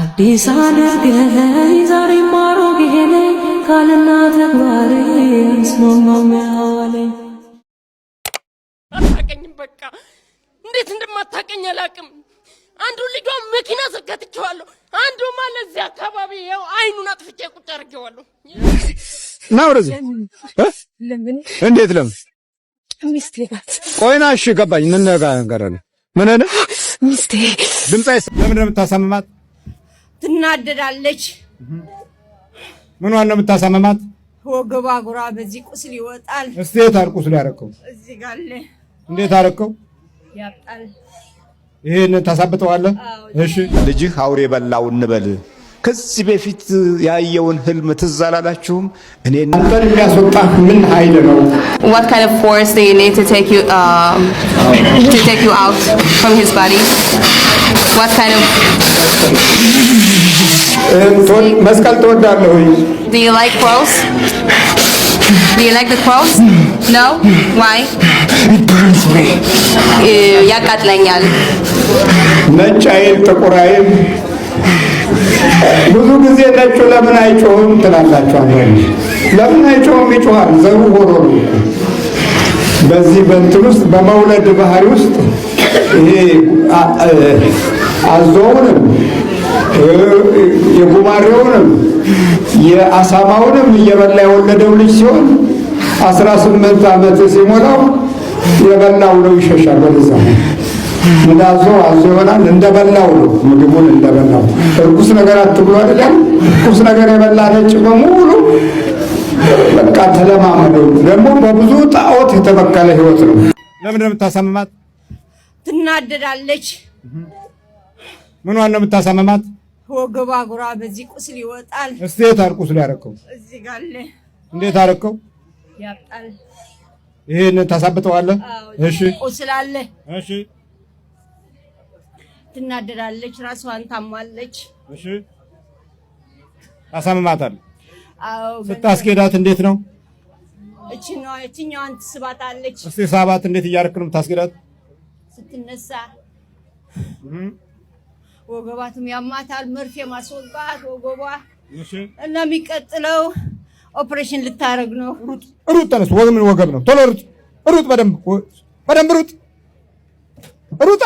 አዲስ አድርገኝ ዛሬ ማሮጌኔ ቃልና ተግባሬ ያስማማው ያዋለኝ አታቀኝም። በቃ እንዴት እንደማታቀኝ አላቅም። አንዱ ልጇ መኪና ዘጋትቸዋለሁ። አንዱ ማለት እዚህ አካባቢ ያው አይኑን አጥፍቼ ቁጭ አድርጌዋለሁ። ና ወደዚህ። እንዴት ለምን ሚስቴ ናት። ቆይና እሺ ገባኝ። ምን ነገር ምን ሆነ? ሚስቴ ድምፅ ለምንድን ነው የምታሳምማት? ትናደዳለች። ምን ነው የምታሳመማት? ወገቧ ጉራ በዚህ ቁስል ይወጣል። እስቲ የታል ቁስሉ ያረከው? እዚህ ጋር እንዴት አረከው? ያብጣል። ይሄን ታሳብጠዋለህ? እሺ ልጅህ አውሬ በላው እንበል ከዚህ በፊት ያየውን ህልም ትዝ አላላችሁም? እኔ አንተን የሚያስወጣ ምን ኃይል ነው? What kind of force do you need to take you um, to take you out from his body? What kind of እንቶን መስቀል ትወዳለህ? Do you like cross? Do you like the cross? No? Why? It burns me. ያቃጥለኛል። ነጭ አይል ጥቁር አይል ብዙ ጊዜ ነጩ ለምን አይጮህም ትላላችሁ። አንዳንድ ለምን አይጮህም? ይጮሃል። ዘሩ ሆኖ ነው። በዚህ በእንትን ውስጥ በመውለድ ባህሪ ውስጥ ይሄ አዞውንም የጉማሬውንም የአሳማውንም እየበላ የወለደው ልጅ ሲሆን አስራ ስምንት ዓመት ሲሞላው የበላው ነው ይሸሻል ወደዛ እንዳዞ አዞ ይሆናል። እንደበላው ነው ምግቡን እንደበላው። እርኩስ ነገር አትብሉ አይደለም። እርኩስ ነገር የበላ ነጭ በሙሉ በቃ ተለማመደው። ደግሞ በብዙ ጣዖት የተበከለ ህይወት ነው። ለምን እንደምታሳምማት ትናደዳለች። ምኗን ነው የምታሳምማት? ወገቧ ጉራ በዚህ ቁስል ይወጣል። እስቲ የት ቁስል ያረከው? እዚህ ጋር እንዴት አረከው? ያብጣል። ይሄን ታሳብጠዋለህ? እሺ ቁስል አለ። እሺ ትናደዳለች፣ ራሷን ታሟለች፣ ታሳምማታል። ስታስኬዳት እንዴት ነው? እቺ ነው እችኛዋን ትስባታለች። እስቲ ሳባት፣ እንዴት እያደረክ ነው የምታስኬዳት? ስትነሳ ወገባትም ያማታል፣ መርፌ ማስወጋት ወገቧ እና የሚቀጥለው ኦፕሬሽን ልታደርግ ነው። ሩጥ ሩጥ፣ ተነስ። ወገብ ምን ወገብ ነው? ቶሎ ሩጥ፣ ሩጥ፣ በደንብ ሩጥ፣ ሩጣ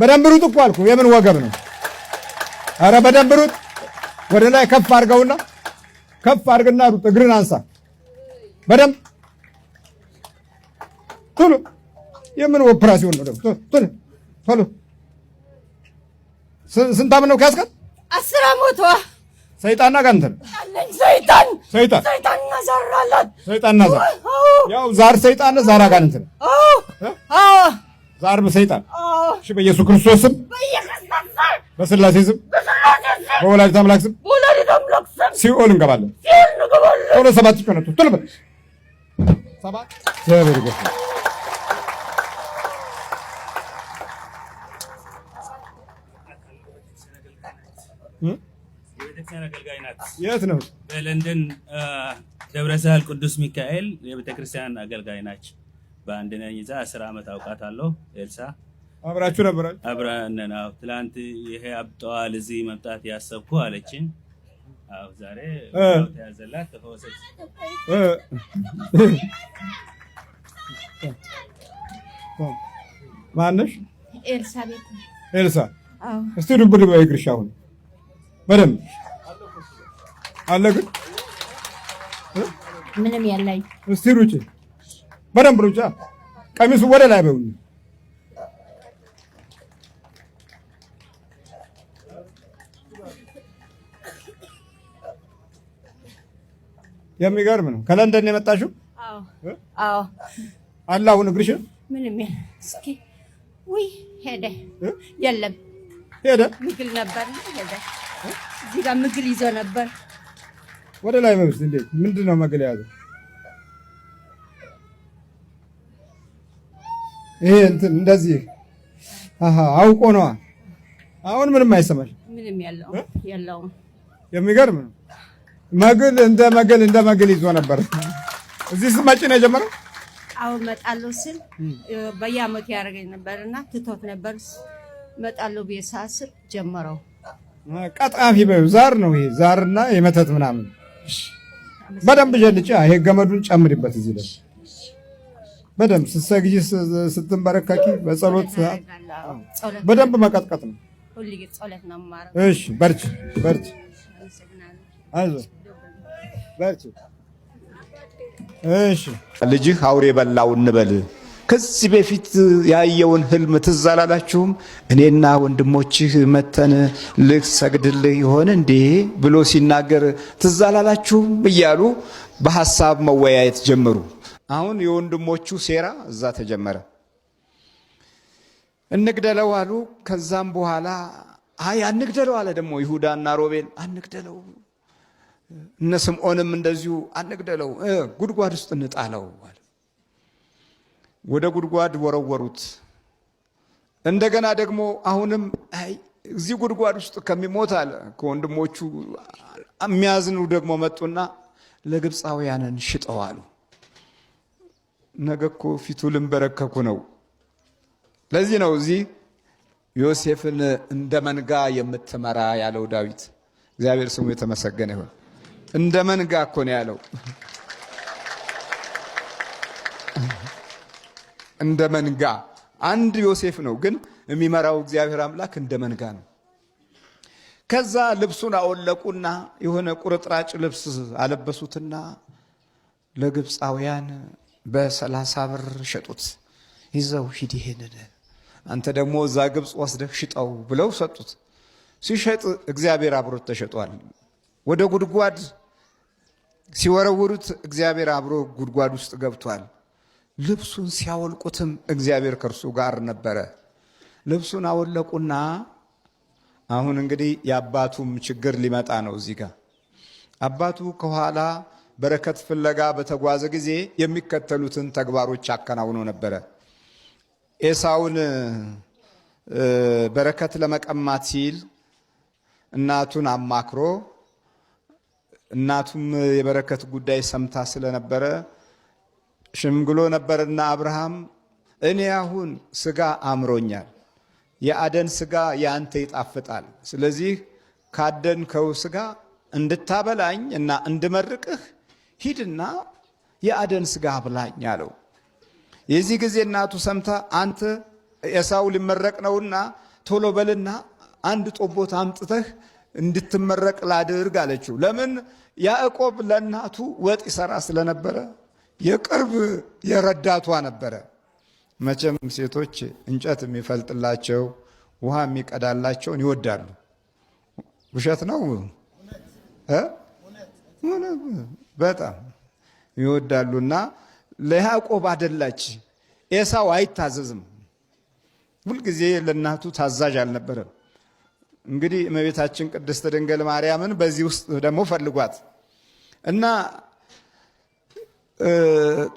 በደንብ ሩጥ እኮ አልኩ። የምን ወገብ ነው? አረ በደንብ ሩጥ። ወደ ላይ ከፍ አድርገውና ከፍ አድርግና ሩጥ። እግርን አንሳ በደንብ ቶሎ። የምን ኦፕራሲዮን ነው ደግሞ? ቶሎ ቶሎ። ስንት ዓመት ነው ከያዝከት? አስር ዓመቷ። ሰይጣንና ጋር እንትን ሰይጣን ሰይጣን ሰይጣን እናዛራላት። ሰይጣን እናዛር ያው ዛር ሰይጣን ዛራ ጋር እንትን አዎ ዛርብ ሰይጣን እሺ። በኢየሱስ ክርስቶስ ስም፣ በስላሴ ስም፣ በወላዲተ አምላክ ስም ሲኦል እንገባለን። ቶሎ ሰባት ቶሎ በል ሰባት የት ነው? በለንደን ደብረ ሳህል ቅዱስ ሚካኤል የቤተክርስቲያን አገልጋይ ናቸው። በአንድነኝ እዛ አስር ዓመት አውቃታለሁ። ኤልሳ አብራችሁ ነበራችሁ? አብረን ነው። ትላንት ይሄ አብጠዋል እዚህ መምጣት ያሰብኩ አለችን። አዎ ዛሬ ተያዘላት ተፈወሰች። ማነሽ? ኤልሳ ቤት ኤልሳ። እስቲ ዱብ ዱብ ይግርሽ አሁን በደምብ አለ ግን ምንም ያላይ እስቲ ሩጭ በደንብ ሩጫ ቀሚሱ ወደ ላይ በውኝ የሚገርም ነው። ከለንደን የመጣሽው? አዎ። አለ አሁን እግርሽ ምንም እስኪ ውይ ሄደ። የለም ሄደ። ምግል ነበር ሄደ። እዚህ ጋር ምግል ይዞ ነበር። ወደ ላይ መብስ እንዴት ምንድን ነው መግል የያዘው? ይሄ እንትን እንደዚህ አውቆ ነዋ። አሁን ምንም አይሰማል። ምንም ያለው ያለው የሚገርም ነው። መግል እንደ መግል እንደ መግል ይዞ ነበር። እዚህ ስመጪ ነው የጀመረው። አሁን መጣለሁ ስል በየአመቱ ያደርገኝ ነበርና ትቶት ነበር። መጣለሁ ብዬ ሳስብ ጀመረው። ቀጣፊ ዛር ነው ይሄ ዛርና የመተት ምናምን በደንብ ጀልጬ ይሄ ገመዱን ጨምሪበት እዚህ ላይ በደንብ ስትሰግጂ ስትንበረከኪ በጸሎት በደንብ መቀጥቀጥ ነው። እሺ በርች በርች አይዞህ እሺ ልጅህ አውሬ በላው እንበል። ከዚህ በፊት ያየውን ህልም ትዝ አላላችሁም? እኔና ወንድሞችህ መተን ልክ ሰግድልህ ይሆን እንዴ ብሎ ሲናገር ትዝ አላላችሁም? እያሉ በሀሳብ መወያየት ጀመሩ። አሁን የወንድሞቹ ሴራ እዛ ተጀመረ። እንግደለው አሉ። ከዛም በኋላ አይ አንግደለው አለ ደግሞ ይሁዳና ሮቤል አንግደለው፣ እነ ስምዖንም እንደዚሁ አንግደለው፣ ጉድጓድ ውስጥ እንጣለው አለ። ወደ ጉድጓድ ወረወሩት። እንደገና ደግሞ አሁንም አይ እዚህ ጉድጓድ ውስጥ ከሚሞት አለ ከወንድሞቹ የሚያዝኑ ደግሞ መጡና ለግብፃውያንን ሽጠው አሉ። ነገ እኮ ፊቱ ልንበረከኩ ነው። ለዚህ ነው እዚህ ዮሴፍን እንደ መንጋ የምትመራ ያለው ዳዊት። እግዚአብሔር ስሙ የተመሰገነ ይሁን። እንደ መንጋ እኮ ነው ያለው። እንደ መንጋ አንድ ዮሴፍ ነው፣ ግን የሚመራው እግዚአብሔር አምላክ እንደ መንጋ ነው። ከዛ ልብሱን አወለቁና የሆነ ቁርጥራጭ ልብስ አለበሱትና ለግብፃውያን በሰላሳ ብር ሸጡት። ይዘው ሂድ ይሄንን አንተ ደግሞ እዛ ግብፅ ወስደህ ሽጠው ብለው ሰጡት። ሲሸጥ እግዚአብሔር አብሮት ተሸጧል። ወደ ጉድጓድ ሲወረውሩት እግዚአብሔር አብሮ ጉድጓድ ውስጥ ገብቷል። ልብሱን ሲያወልቁትም እግዚአብሔር ከእርሱ ጋር ነበረ። ልብሱን አወለቁና አሁን እንግዲህ የአባቱም ችግር ሊመጣ ነው። እዚህ ጋር አባቱ ከኋላ በረከት ፍለጋ በተጓዘ ጊዜ የሚከተሉትን ተግባሮች አከናውኖ ነበረ። ኤሳውን በረከት ለመቀማት ሲል እናቱን አማክሮ እናቱም የበረከት ጉዳይ ሰምታ ስለነበረ ሽምግሎ ነበርና አብርሃም እኔ አሁን ስጋ አምሮኛል፣ የአደን ስጋ የአንተ ይጣፍጣል። ስለዚህ ካደንከው ስጋ እንድታበላኝ እና እንድመርቅህ ሂድና የአደን ስጋ አብላኝ አለው። የዚህ ጊዜ እናቱ ሰምታ አንተ ኤሳው ሊመረቅ ነውና ቶሎ በልና አንድ ጦቦት አምጥተህ እንድትመረቅ ላድርግ አለችው። ለምን ያዕቆብ ለእናቱ ወጥ ይሰራ ስለነበረ የቅርብ የረዳቷ ነበረ። መቼም ሴቶች እንጨት የሚፈልጥላቸው ውሃ የሚቀዳላቸውን ይወዳሉ። ውሸት ነው። በጣም ይወዳሉና ለያዕቆብ አደላች። ኤሳው አይታዘዝም። ሁልጊዜ ለእናቱ ታዛዥ አልነበረም። እንግዲህ እመቤታችን ቅድስት ድንግል ማርያምን በዚህ ውስጥ ደግሞ ፈልጓት እና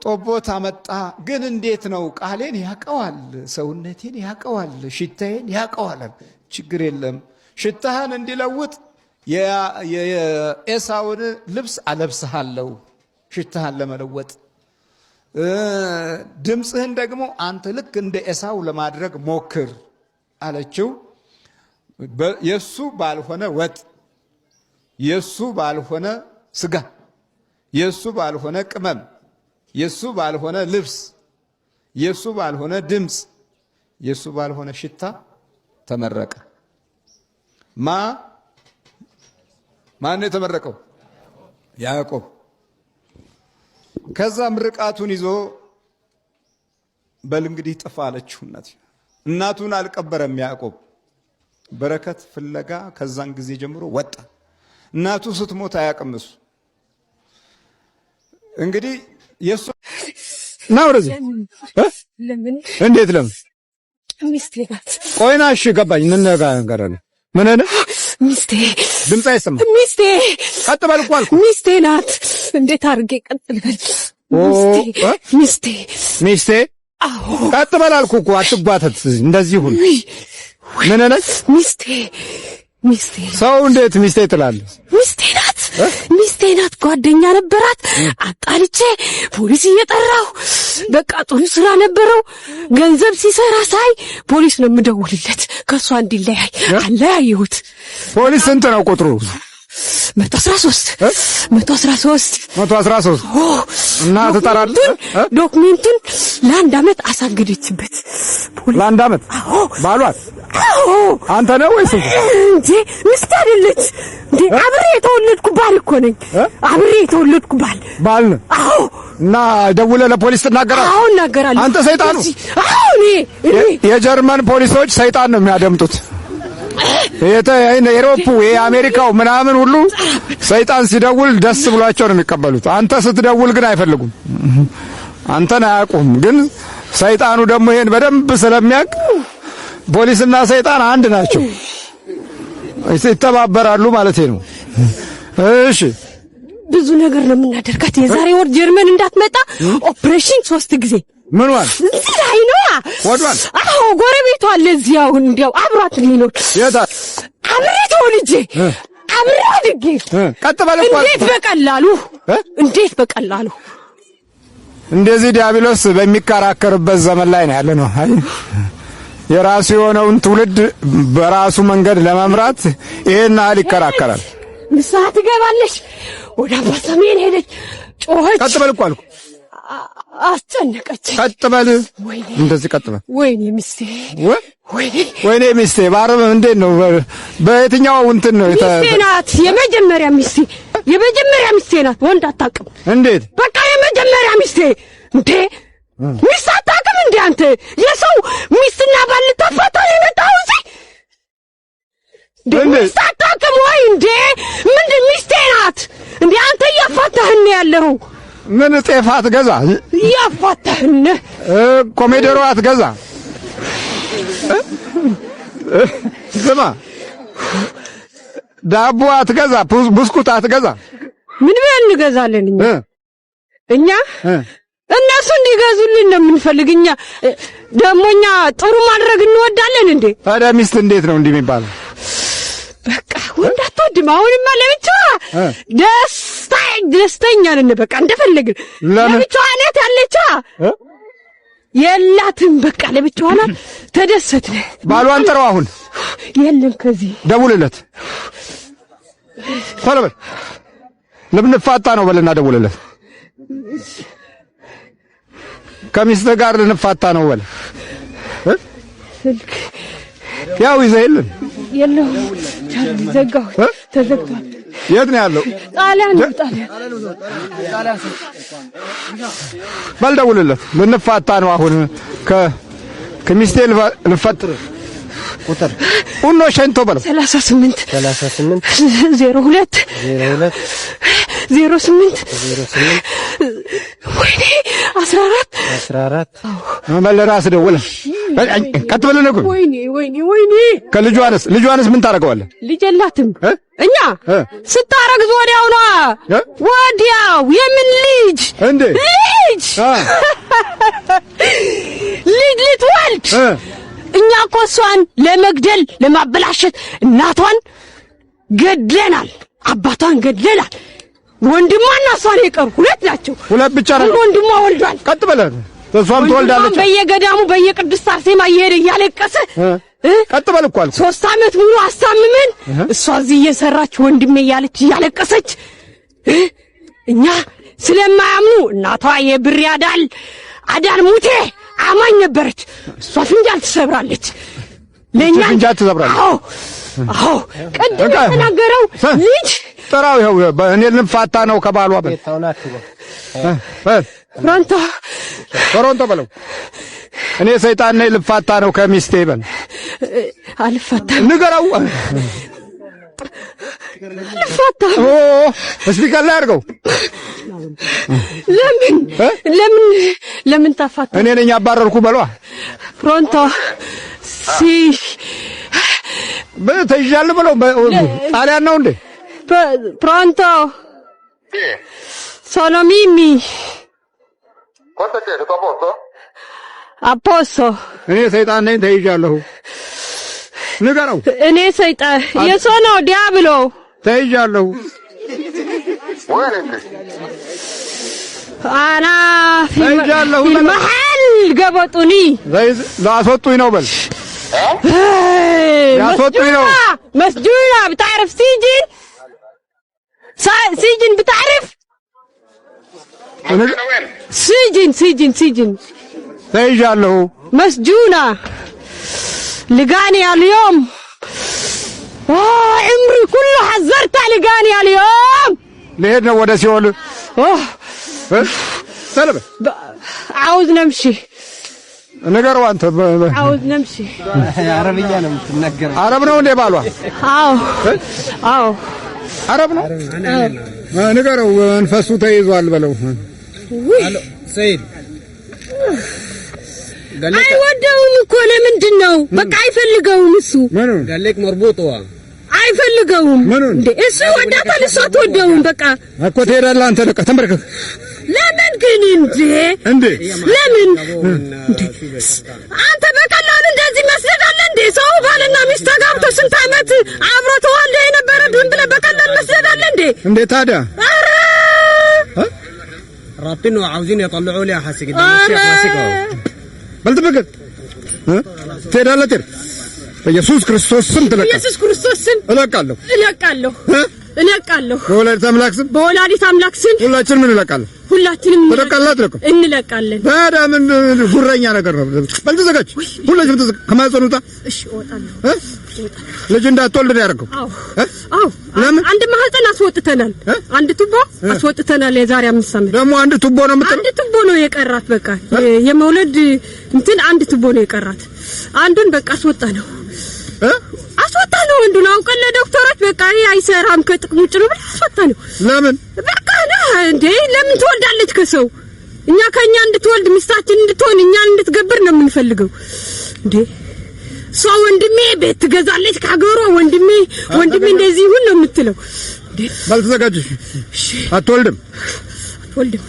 ጦቦት አመጣ። ግን እንዴት ነው? ቃሌን ያቀዋል፣ ሰውነቴን ያቀዋል፣ ሽታዬን ያቀዋል። ችግር የለም ሽታህን እንዲለውጥ የኤሳውን ልብስ አለብስሃለሁ ሽታህን ለመለወጥ ድምፅህን ደግሞ አንተ ልክ እንደ ኤሳው ለማድረግ ሞክር አለችው። የሱ ባልሆነ ወጥ፣ የሱ ባልሆነ ስጋ፣ የሱ ባልሆነ ቅመም፣ የሱ ባልሆነ ልብስ፣ የሱ ባልሆነ ድምፅ፣ የሱ ባልሆነ ሽታ ተመረቀ ማ ማን ነው የተመረቀው? ያዕቆብ። ከዛ ምርቃቱን ይዞ በል እንግዲህ ጥፋ አለችው እናት። እናቱን አልቀበረም ያዕቆብ በረከት ፍለጋ ከዛን ጊዜ ጀምሮ ወጣ። እናቱ ስትሞት አያውቅም እሱ እንግዲህ የእሱ ና ወደዚህ እንዴት ለምን ቆይና እሺ ገባኝ ምን ነገር ምን ሚስቴ ድምፅ አይሰማም። ሚስቴ ቀጥ በል እኮ አልኩ። ሚስቴ ናት። እንዴት አድርጌ ቀጥ ልበል? ሚስቴ ሚስቴ ቀጥ በል አልኩ እኮ። አትጓተት፣ እንደዚህ ሁን። ምን ነች? ሚስቴ ሚስቴ። ሰው እንዴት ሚስቴ ትላለህ? ሚስቴ ናት ሚስቴ ናት፣ ጓደኛ ነበራት። አጣልቼ ፖሊስ እየጠራሁ በቃ ጥሩ ስራ ነበረው። ገንዘብ ሲሰራ ሳይ ፖሊስ ነው የምደውልለት ከእሷ እንዲለያይ። አለያየሁት። ፖሊስ ስንት ነው ቁጥሩ? መቶ አስራ ሶስት እና ትጠራለህ። ዶክሜንቱን ለአንድ አመት አሳገደችበት። ለአንድ አመት ባሏት አንተ ነህ ወይስ እንጂ ሚስት አይደለች እንዴ? አብሬ የተወለድኩ ባል እኮ ነኝ። አብሬ የተወለድኩ ባል ባል ነህ? አዎ። እና ደውለህ ለፖሊስ ትናገራለህ? አዎ እናገራለሁ። አንተ ሰይጣን ነው። አዎ እኔ የጀርመን ፖሊሶች ሰይጣን ነው የሚያደምጡት። የአውሮፓው የአሜሪካው ምናምን ሁሉ ሰይጣን ሲደውል ደስ ብሏቸው ነው የሚቀበሉት። አንተ ስትደውል ግን አይፈልጉም፣ አንተን አያውቁም። ግን ሰይጣኑ ደግሞ ይሄን በደንብ ስለሚያውቅ ፖሊስና ሰይጣን አንድ ናቸው፣ ይተባበራሉ ማለት ነው። እሺ ብዙ ነገር ነው የምናደርጋት። የዛሬ ወር ጀርመን እንዳትመጣ ኦፕሬሽን ሶስት ጊዜ ምኗን? እዚህ ላይ ነዋ። ወዷን? አዎ፣ ጎረቤቷ አለ እዚህ። አሁን እንዲያው አብሯት የሚኖር የታ አብሬት ወልጄ አብሬ አድጌ ቀጥ ባለ እንዴት በቀላሉ እንዴት በቀላሉ እንደዚህ ዲያብሎስ በሚከራከርበት ዘመን ላይ ነው ያለ ነው። አይ የራሱ የሆነውን ትውልድ በራሱ መንገድ ለመምራት ይሄን ያህል ይከራከራል። ምሳት ትገባለች። ወደ አባ ሰሜን ሄደች፣ ጮኸች። ቀጥ በል እኮ አልኩ አስጨነቀች። ቀጥ በል እንደዚህ ቀጥ በል። ወይኔ ሚስቴ፣ ወይኔ ሚስቴ። ባረም እንዴት ነው? በየትኛው እንትን ነው? ሚስቴ ናት። የመጀመሪያ ሚስቴ፣ የመጀመሪያ ሚስቴ ናት። ወንድ አታውቅም። እንዴት? በቃ የመጀመሪያ ሚስቴ እንዴ ሚስት አታውቅም እንዴ? አንተ የሰው ሚስትና ባል ልታፋታ ነው የመጣው እዚህ? ሚስት አታውቅም ወይ እንዴ? ምንድን ሚስቴ ናት እንዴ? አንተ እያፋታህን ያለኸው ምን ጤፍ አትገዛ እያፋታህን ኮሜደሮ አትገዛ። ስማ ዳቦ አትገዛ፣ ብስኩት አትገዛ። ምን ብለን እንገዛለን እኛ እኛ እነሱ እንዲገዙልን ነው የምንፈልግ። እኛ ደግሞ እኛ ጥሩ ማድረግ እንወዳለን እንዴ። ታዲያ ሚስት እንዴት ነው እንዲህ የሚባለው? በቃ ወንድ አትወድም። አሁንማ ለብቻዋ ደስ ደስታ ደስተኛ ነን። በቃ እንደፈለግን ለብቻዋ ናት ያለችዋ የላትም። በቃ ለብቻዋ ናት። ተደሰትን። ባሏን ጥረው አሁን የለም። ከዚህ ደውልለት ቶሎ በል። ልንፋታ ነው በልና ደውልለት። ከሚስትህ ጋር ልንፋታ ነው በል። ያው ይዘህ የለም የለውም። ዘጋሁት፣ ተዘግቷል የት ነው ያለው? ጣሊያን ነው። ጣሊያን በል ደውልለት። ልንፋታ ነው አሁን ከሚስቴ ልፈጥር ቁጥር ኡኖ ሸንቶ በለው 38 38 02 02 08 08 ወይኔ 14 14 መለራስ ደውለ ቀጥ ብለህ ነው። ወይኔ ወይኔ ወይኔ። ከልጇንስ ልጇንስ ምን ታረገዋለህ? ልጅ የላትም። እኛ ስታረግዝ ወዲያው ነዋ፣ ወዲያው። የምን ልጅ እንዴ? ልጅ ልጅ ልትወልድ። እኛ እኮ እሷን ለመግደል ለማበላሸት እናቷን ገድለናል፣ አባቷን ገድለናል። ወንድሟና እሷን የቀሩ ሁለት ናቸው። ሁለት ብቻ ነው። ወንድሟ ወልዷል። ቀጥ ብለህ ተሷም ትወልዳለች። በየገዳሙ በየቅድስት አርሴማ እየሄደ እያለቀሰ ቀጥ በል እኮ አልኩ። ሶስት አመት ሙሉ አሳምመን እሷ እዚህ እየሰራች ወንድሜ እያለች እያለቀሰች እኛ ስለማያምኑ እናቷ የብር ያዳል አዳል ሙቴ አማኝ ነበረች። እሷ ፍንጃል ትሰብራለች፣ ለእኛ ፍንጃል ትሰብራለች። አዎ አዎ፣ ቅድም የተናገረው ልጅ ጥራው። ይኸው እኔ ልንፋታ ነው ከባሏ በል ቶሮንቶ ቶሮንቶ በለው። እኔ ሰይጣን ነኝ፣ ልፋታ ነው ከሚስቴ በል። አልፋታ ንገረው፣ አልፋታ። ስፒከር ላይ አድርገው። ለምን ለምን ለምን ታፋታ? እኔ ነኝ አባረርኩ በሏ። ቶሮንቶ ሲ ተይዣለሁ በለው። ጣሊያን ነው እንዴ? ፕሮንቶ ሶኖ ቆንጠቄ እህቷ አፖሶ እኔ ሰይጣን ነኝ ተይዣለሁ። ንገረው። እኔ ሰይጣን የሶ ነው ዲያብሎ ተይዣለሁ። አና ተይዣለሁ። መሐል ገበጡኒ ላስወጡኝ ነው በል ላስወጡኝ ነው መስጁዳ ብታዕርፍ ሲጅን ሲጅን ብታዕርፍ ሲጅን ስጅን ስጅን ተይዣለሁ። መስጁና ልጋኒ አልዮም ዕምሪ ኩሉ ሐዘርታ ልጋኒ አልዮም ልሄድ ነው ወደ ሲኦል ሰለበ አውዝ ነምሺ ንገረው አንተ አውዝ ነምሺ አረብያ ነው የምትናገረው። አረብ ነው እንዴ ባሏ? አዎ አዎ አረብ ነው ንገረው፣ መንፈሱ ተይዟል በለው። ሰይድ አይወደውም እኮ ለምንድን ነው? በቃ አይፈልገውም እሱ አይፈልገውም። እሱ ይወዳታል፣ እሷ አትወደውም። በቃ እኮ ትሄዳለህ አንተ በቃ ተንበርከክ። ለምን ግን እንዴ? እንዴ ለምን አንተ በቃ ሰው ባልና ሚስት ተጋብቶ ስንት ዓመት አብሮ ተዋልዶ የነበረ ድንብ ብለህ በቀላል መስደዳለ እንዴ? እንዴ ታዲያ رابطين وعاوزين يطلعوا لي حاسق الشيخ ماسكهم በል ተበቀል ትሄዳለህ። ኢየሱስ ክርስቶስ ስም ትለቃለህ። ኢየሱስ ክርስቶስ ስም እለቃለሁ እለቃለሁ እለቃለሁ። በወላዲት አምላክ ስም በወላዲት አምላክ ስም ሁላችንም እንለቃለን። ሁላችንም እንለቃለን። አትለቅም? እንለቃለን። በደምብ ጉረኛ ነገር ነው። በል ተዘጋጅ፣ ሁላችንም ተዘጋጅ። ከማህፀኑ ውጣ። እሺ እወጣለሁ። ልጅ እንዳትወልድ ነው ያደረገው። አዎ፣ ለምን አንድ ማህፀን አስወጥተናል። አንድ ቱቦ አስወጥተናል። የዛሬ አምስት ዓመት ደግሞ አንድ ቱቦ ነው የምትለው። አንድ ቱቦ ነው የቀራት። በቃ የመውለድ እንትን አንድ ቱቦ ነው የቀራት። አንዱን በቃ አስወጣ ነው አስወጣ ነው ነው አውቀን ለዶክተሮች በቃ አይሰራም ከጥቅም ውጭ ነው ብለህ አስወጣ ነው። ለምን በቃ ነህ እንዴ? ለምን ትወልዳለች ከሰው? እኛ ከኛ እንድትወልድ ሚስታችን እንድትሆን እኛን እንድትገብር ነው የምንፈልገው እንዴ? እሷ ወንድሜ ቤት ትገዛለች ከሀገሯ ወንድሜ ወንድሜ እንደዚህ ይሁን ነው የምትለው እንዴ? ባልተዘጋጀሽ አትወልድም አትወልድም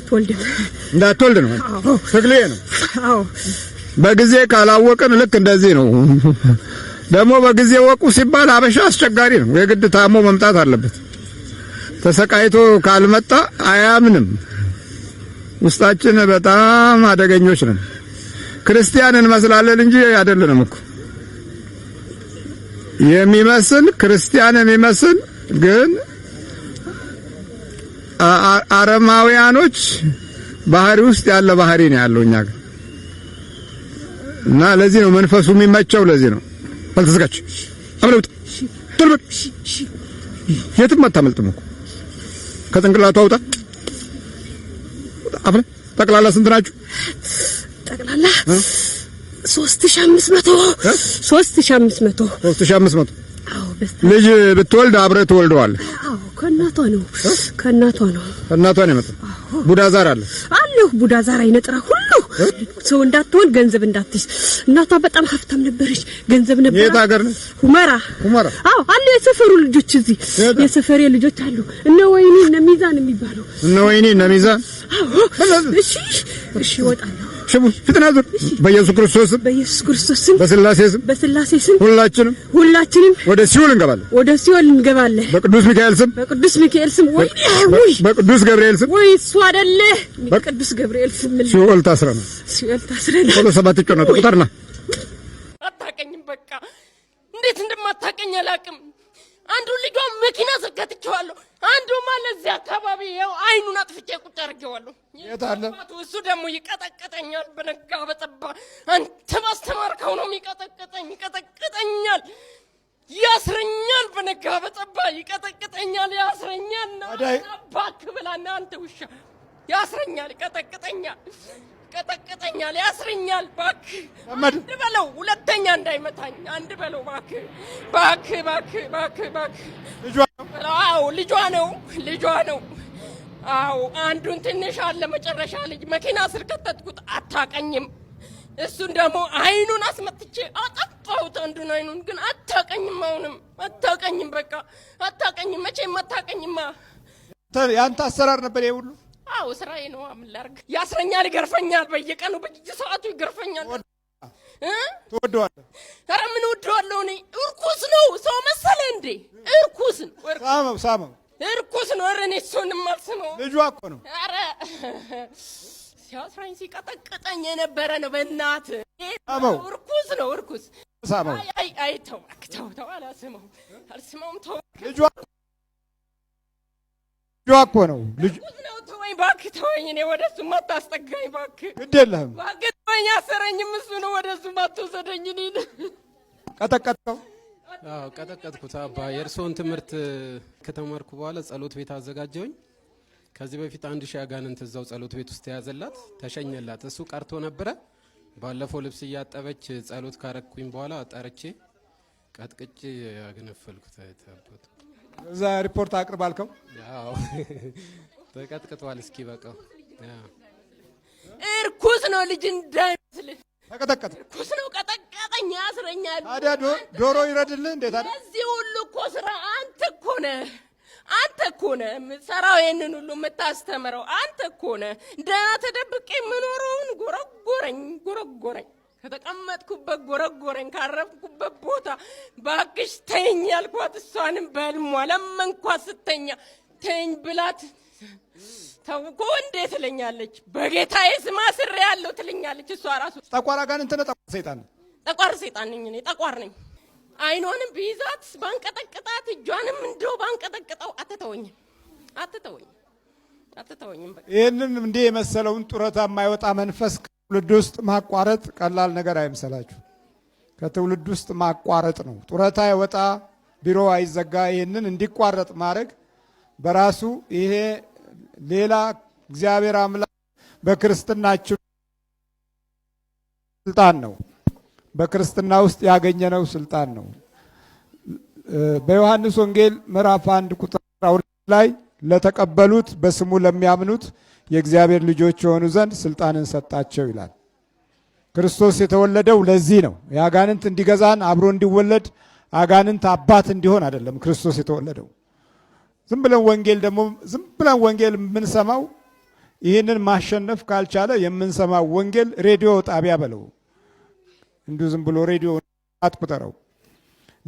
አትወልድም እንዳትወልድ ነው ትግሌ ነው። በጊዜ ካላወቅን ልክ እንደዚህ ነው። ደግሞ በጊዜ ወቁ ሲባል አበሻ አስቸጋሪ ነው። የግድ ታሞ መምጣት አለበት። ተሰቃይቶ ካልመጣ አያምንም። ውስጣችን በጣም አደገኞች ነን። ክርስቲያን እንመስላለን እንጂ አይደለንም እኮ። የሚመስል ክርስቲያን የሚመስል ግን አረማውያኖች ባህሪ ውስጥ ያለ ባህሪ ነው ያለው እኛ እና ለዚህ ነው መንፈሱ የሚመቸው ለዚህ ነው ባል ተዘጋጅ፣ አምለውጥ፣ ቶሎ በል። የትም አታመልጥም እኮ ከጭንቅላቱ አውጣ። አፍለ ጠቅላላ ስንት ናችሁ? ጠቅላላ ሦስት ሺህ አምስት መቶ ሺህ አምስት መቶ ሺህ አምስት መቶ ልጅ ብትወልድ አብረህ ትወልደዋለህ። ከእናቷ ነው ከእናቷ ነው ከእናቷ ነው የመጣው። ቡዳ ዛር አለ አለሁ ቡዳ ዛር አይነጥራ ሁሉ ሰው እንዳትሆን ገንዘብ እንዳትይዝ። እናቷ በጣም ሀብታም ነበረች፣ ገንዘብ ነበር። የት ሀገር ነው? ሁመራ ሁመራ። አዎ አለ የሰፈሩ ልጆች እዚህ የሰፈሬ ልጆች አሉ። እነ ወይኔ እነ ሚዛን የሚባሉ እነ ወይኔ እነ ሚዛን። አዎ እሺ እሺ፣ እወጣለሁ ሽቡ ፍጥና ዙር በኢየሱስ ክርስቶስ በኢየሱስ ክርስቶስ ስም በስላሴ ስም በስላሴ ስም ሁላችንም ሁላችንም ወደ ሲኦል እንገባለን ወደ ሲኦል እንገባለን። በቅዱስ ሚካኤል ስም በቅዱስ ሚካኤል ስም ወይ ወይ በቅዱስ ገብርኤል ስም ወይ እሱ አይደለ በቅዱስ ገብርኤል ስም ሲኦል ታስረና ሲኦል ታስረና ሁሉ ሰባት ጮና ቁጥርና አታቀኝም። በቃ እንዴት እንደማታቀኝ አላቅም። አንዱ ልጇ መኪና ስር ከትቼዋለሁ። አንዱማ ለዚህ አካባቢ ያው አይኑን አጥፍቼ ቁጭ አድርጌዋለሁ። አለ እሱ ደግሞ ይቀጠቅጠኛል። በነጋ በጠባ አንተ ባስተማርከው ነው የሚቀጠቅጠኝ። ይቀጠቅጠኛል፣ ያስረኛል። በነጋ በጠባ ይቀጠቅጠኛል፣ ያስረኛል። እባክህ ብላና አንተ ውሻ ያስረኛል፣ ይቀጠቅጠኛል ቀጠቀጠኛል፣ ያስረኛል። ባክ አንድ በለው፣ ሁለተኛ እንዳይመታኝ አንድ በለው ባክ ባክ ባክ። ልጇ ነው? አዎ ልጇ ነው፣ ልጇ ነው። አዎ አንዱን ትንሽ አለ መጨረሻ ልጅ መኪና ስር ከተትኩት አታቀኝም። እሱን ደግሞ አይኑን አስመትቼ አጠፋሁት። አንዱን አይኑን ግን አታቀኝም፣ አሁንም አታቀኝም። በቃ አታቀኝም፣ መቼም አታቀኝማ። ያንተ አሰራር ነበር ይሄ ሁሉ አዎ ስራዬ ነው። ምን ላድርግ? ያስረኛል፣ ይገርፈኛል። በየቀኑ በየሰዓቱ ይገርፈኛል። ትወደዋለህ? ኧረ ምን እወደዋለሁ እኔ። እርኩስ ነው ሰው መሰለ እንዴ? እርኩስ ነው፣ ሳመው ሳመው፣ እርኩስ ነው። ኧረ እኔ እሱን ማልስ ነው። ልጇ እኮ ነው። ኧረ ሲያስረኝ ሲቀጠቅጠኝ የነበረ ነው። በእናት እርኩስ ነው፣ እርኩስ ሳመው። አይ አይ ተው ተው፣ አላስመውም፣ አልስመውም፣ ተው ልጇ ልጇ እኮ ነው። ተወኝ እባክህ ተወኝ። እኔ ወደ አታስጠጋኝ እባክህ። እባክህ ተወኝ። አሰረኝም እሱ ነው። ወደ አትወሰደኝ። እኔን ቀጠቀጥከው? አዎ ቀጠቀጥኩት። አባ የእርስዎን ትምህርት ከተማርኩ በኋላ ጸሎት ቤት አዘጋጀውኝ። ከዚህ በፊት አንድ ሺህ አጋንንት እዛው ጸሎት ቤት ውስጥ ተያዘላት፣ ተሸኘላት። እሱ ቀርቶ ነበረ። ባለፈው ልብስ እያጠበች ጸሎት ካረግኩኝ በኋላ ጠርቼ ያገነፈልኩት አገነፈልኩት። እዛ ሪፖርት አቅርብ አልከው ተቀጥቅጧል። እስኪ በቃው እርኩስ ነው ልጅ እንዳይመስል ተቀጠቀጥ እርኩስ ነው ቀጠቀጠኝ፣ ያስረኛል። ታዲያ ዶሮ ይረድልህ እንዴት ታዲያ እዚህ ሁሉ እኮ ስራ አንተ እኮ ነህ አንተ እኮ ነህ የምትሰራው ይህንን ሁሉ የምታስተምረው አንተ እኮ ነህ። ደህና ተደብቄ የምኖረውን ጎረጎረኝ ጎረጎረኝ ከተቀመጥኩበት ጎረጎረኝ፣ ካረፍኩበት ቦታ ባክሽ ተኝ ያልኳት፣ እሷንም በህልሟ ለመንኳት ስተኛ ተኝ ብላት ተውኮ እንዴ ትለኛለች። በጌታዬ ስማ ስሬ ያለው ትለኛለች። እሷ ራሱ ጠቋር አጋንንት ነው። ጠቋር ሰይጣን ጠቋር ሰይጣን ነኝ እኔ ጠቋር ነኝ። አይኗንም ብይዛት ባንቀጠቅጣት፣ እጇንም እንደው ባንቀጠቅጠው አትተወኝም፣ አትተወኝም፣ አትተወኝም። ይህንን እንዲህ የመሰለውን ጡረታ የማይወጣ መንፈስ ትውልድ ውስጥ ማቋረጥ ቀላል ነገር አይምሰላችሁ። ከትውልድ ውስጥ ማቋረጥ ነው። ጡረታ ይወጣ፣ ቢሮ አይዘጋ። ይህንን እንዲቋረጥ ማድረግ በራሱ ይሄ ሌላ እግዚአብሔር አምላክ በክርስትናችን ስልጣን ነው። በክርስትና ውስጥ ያገኘነው ስልጣን ነው። በዮሐንስ ወንጌል ምዕራፍ አንድ ቁጥር ላይ ለተቀበሉት በስሙ ለሚያምኑት የእግዚአብሔር ልጆች የሆኑ ዘንድ ስልጣንን ሰጣቸው ይላል። ክርስቶስ የተወለደው ለዚህ ነው። የአጋንንት እንዲገዛን አብሮ እንዲወለድ አጋንንት አባት እንዲሆን አይደለም ክርስቶስ የተወለደው። ዝም ብለን ወንጌል ደግሞ ዝም ብለን ወንጌል የምንሰማው ይህንን ማሸነፍ ካልቻለ የምንሰማው ወንጌል ሬዲዮ ጣቢያ በለው፣ እንዲ ዝም ብሎ ሬዲዮ አትቁጠረው።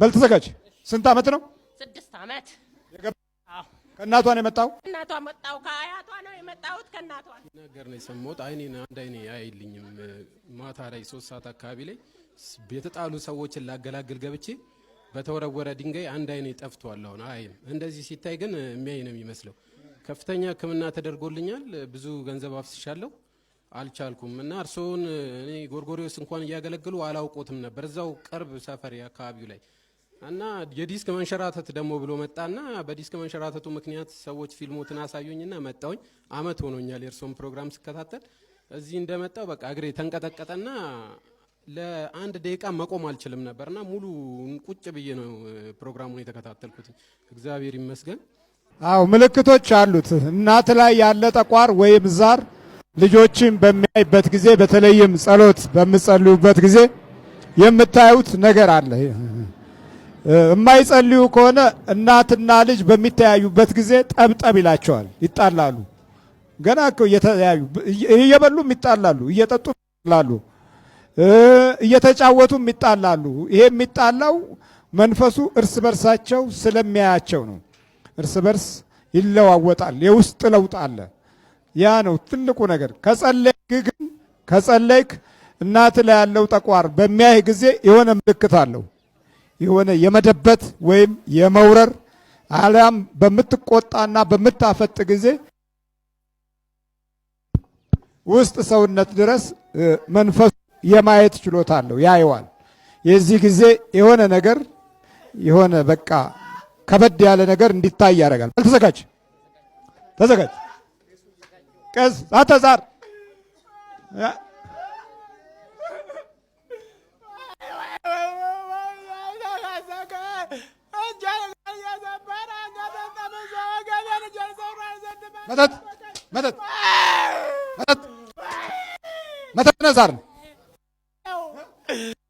በል ተዘጋጅ። ስንት ዓመት ነው? ስድስት ዓመት ከእናቷ ነው የመጣው። ከእናቷ መጣው ከአያቷ ነው የመጣሁት። ከእናቷ ነገር ነው የሰማሁት። አይኔን አንድ አይኔ አይልኝም። ማታ ላይ ሶስት ሰዓት አካባቢ ላይ የተጣሉ ሰዎችን ላገላግል ገብቼ በተወረወረ ድንጋይ አንድ አይኔ ጠፍቷል። አሁን አይም እንደዚህ ሲታይ ግን የሚያይ ነው የሚመስለው። ከፍተኛ ሕክምና ተደርጎልኛል። ብዙ ገንዘብ አፍስሻለሁ፣ አልቻልኩም እና እርስዎን እኔ ጎርጎሪዎስ እንኳን እያገለግሉ አላውቆትም ነበር እዛው ቅርብ ሰፈር አካባቢው ላይ እና የዲስክ መንሸራተት ደግሞ ብሎ መጣና በዲስክ መንሸራተቱ ምክንያት ሰዎች ፊልሞትን አሳዩኝና መጣውኝ። አመት ሆኖኛል የእርስዎን ፕሮግራም ስከታተል። እዚህ እንደመጣው በቃ እግሬ ተንቀጠቀጠና ለአንድ ደቂቃ መቆም አልችልም ነበርና ሙሉ ቁጭ ብዬ ነው ፕሮግራሙን የተከታተልኩት። እግዚአብሔር ይመስገን። አው ምልክቶች አሉት። እናት ላይ ያለ ጠቋር ወይም ዛር ልጆችን በሚያይበት ጊዜ፣ በተለይም ጸሎት በምጸልዩበት ጊዜ የምታዩት ነገር አለ የማይጸልዩ ከሆነ እናትና ልጅ በሚተያዩበት ጊዜ ጠብጠብ ይላቸዋል፣ ይጣላሉ። ገና እኮ እየተያዩ እየበሉም ይጣላሉ፣ እየጠጡ ይጣላሉ፣ እየተጫወቱም ይጣላሉ። ይሄ የሚጣላው መንፈሱ እርስ በርሳቸው ስለሚያያቸው ነው። እርስ በርስ ይለዋወጣል፣ የውስጥ ለውጥ አለ። ያ ነው ትልቁ ነገር። ከጸለይክ ግን ከጸለይክ እናት ላይ ያለው ጠቋር በሚያይህ ጊዜ የሆነ ምልክት አለው። የሆነ የመደበት ወይም የመውረር አሊያም በምትቆጣና በምታፈጥ ጊዜ ውስጥ ሰውነት ድረስ መንፈሱ የማየት ችሎታ አለው፣ ያየዋል። የዚህ ጊዜ የሆነ ነገር የሆነ በቃ ከበድ ያለ ነገር እንዲታይ ያደርጋል። ተዘጋጅ ተዘጋጅ ቀዝ አተዛር መተት መተት መተት መተት ነው።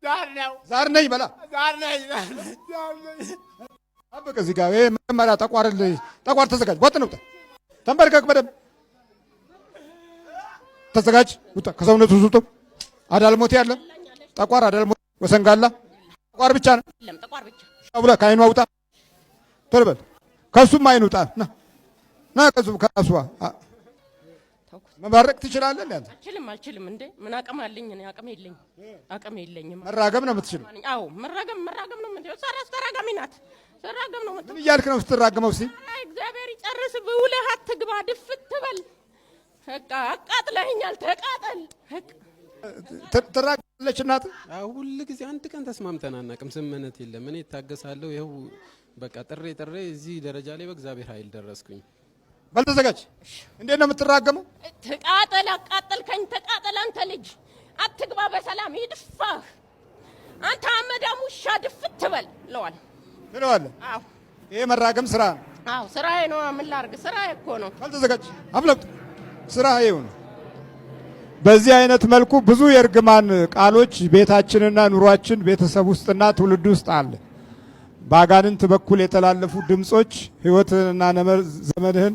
ዛር ነው ዛር ነኝ በላ አበቀ እዚህ ጋር ይሄ መጀመሪያ ጠቋር ጠቋር ተዘጋጅ። ወጥ ነው ተንበርከክ በደምብ ተዘጋጅ። ውጣ ከሰውነቱ ውጡ። አዳልሞቴ አለ ጠቋር አዳልሞቴ ወሰንጋላ ጠቋር ብቻ ነው። ጠቋር ብቻ ከአይኗ ውጣ። ቶሎ በል ከሱም አይን ውጣ። ና ከሱ ከራሷ መባረቅ ትችላለህ። እንዴ አልችልም፣ አልችልም። እንዴ ምን አቅም አለኝ? እኔ አቅም የለኝም፣ አቅም የለኝም። መራገም ነው የምትችለው? አዎ መራገም፣ መራገም ነው የምትችለው። ሰራስ ተራጋሚ ናት። ሰራገም ነው የምትችለው። ምን እያልክ ነው ስትራገመው? ሲ አይ እግዚአብሔር ይጨርስ። ብውለህ አትግባ፣ ድፍት ትበል። በቃ አቃጥለኸኛል፣ ተቃጠል። ትራገለች እናት። ሁል ጊዜ አንድ ቀን ተስማምተን አናውቅም። ስምምነት የለም። እኔ እታገሳለሁ። ይኸው በቃ ጥሬ ጥሬ እዚህ ደረጃ ላይ በእግዚአብሔር ኃይል ደረስኩኝ። በልተዘጋጅ እንዴት ነው የምትራገመው? ተቃጠል፣ አቃጠልከኝ፣ ተቃጠል። አንተ ልጅ አትግባ፣ በሰላም ይድፋህ። አንተ አመዳም ውሻ ድፍት ትበል ለዋል ትለዋለ። ይሄ መራገም ስራ ነው። አዎ ስራዬ ነው። ምን ላድርግ? ስራዬ እኮ ነው። በልተዘጋጅ አፍለቅጡ፣ ስራዬ ነው። በዚህ አይነት መልኩ ብዙ የእርግማን ቃሎች ቤታችንና ኑሯችን ቤተሰብ ውስጥና ትውልድ ውስጥ አለ። በአጋንንት በኩል የተላለፉ ድምፆች ህይወትህንና ዘመንህን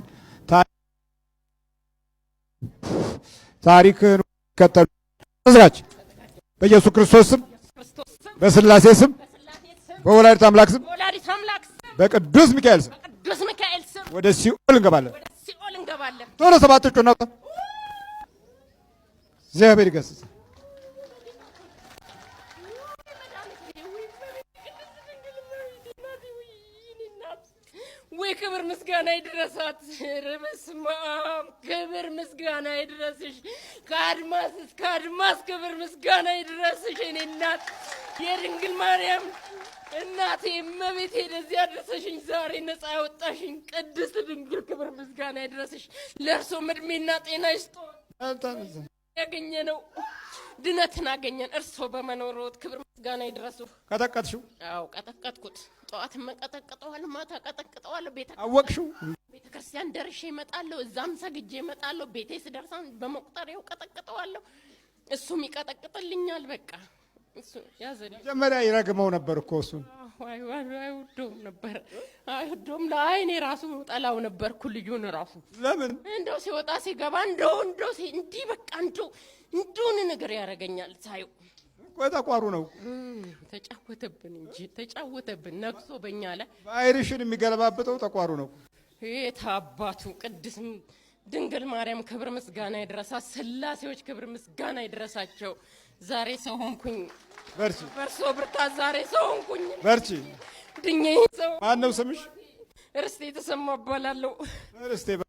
ታሪክን ከተሉ መስራች በኢየሱስ ክርስቶስ ስም በስላሴ ስም በወላዲት አምላክ ስም በቅዱስ ሚካኤል ስም ወደ ሲኦል እንገባለን። ቶሎ ሰባት ሰባቶቹ እናውጣ። እግዚአብሔር ይገስጽ። ወይ ክብር ምስጋና ይድረሳት። በስመ አብ ክብር ምስጋና ይድረስሽ። ከአድማስ እስከ አድማስ ክብር ምስጋና ይድረስሽ። እኔ እናት የድንግል ማርያም እናቴ እመቤቴ ለዚህ ያደረሰሽኝ ዛሬ ነፃ ያወጣሽኝ ቅድስት ድንግል ክብር ምስጋና ይድረስሽ። ለእርሶ እድሜና ጤና ይስጦ ያገኘ ነው። ድነትን አገኘን። እርሶ በመኖሮት ክብር ምስጋና ይድረሱ። ቀጠቀጥሽው? አዎ ቀጠቀጥኩት። ጠዋትም ቀጠቅጠዋል፣ ማታ ቀጠቅጠዋል። አወቅሽው? ቤተ ክርስቲያን ደርሼ እመጣለሁ፣ እዛም ሰግጄ እመጣለሁ። ቤቴ ስደርሳን በመቁጠሪያው ቀጠቅጠዋለሁ፣ እሱም ይቀጠቅጥልኛል። በቃ መጀመሪያ ይረግመው ነበር እኮ እሱን አይወደውም ነበር። አይወደውም ለአይኔ ራሱ ጠላው ነበርኩ ልዩን ራሱ ለምን እንደው ሲወጣ ሲገባ እንደው እንደው እንዲህ በቃ እንደው እንደውን ነገር ያደርገኛል ሳየው ተቋሩ ነው ተጫወተብን እንጂ ተጫወተብን፣ ነግሶ በእኛ ላይ አይርሽን የሚገለባብጠው ጠቋሩ ነው። የት አባቱ ቅድስ ድንግል ማርያም ክብር ምስጋና ይድረሳት፣ ስላሴዎች ክብር ምስጋና ይድረሳቸው። ዛሬ ሰው ሆንኩኝ። በርቺ። በርሶ ብርታት ዛሬ ሰው ሆንኩኝ። በርቺ። ድኜ ሰው ማን ነው ስምሽ? እርስቴ የተሰማ እባላለሁ። እርስቴ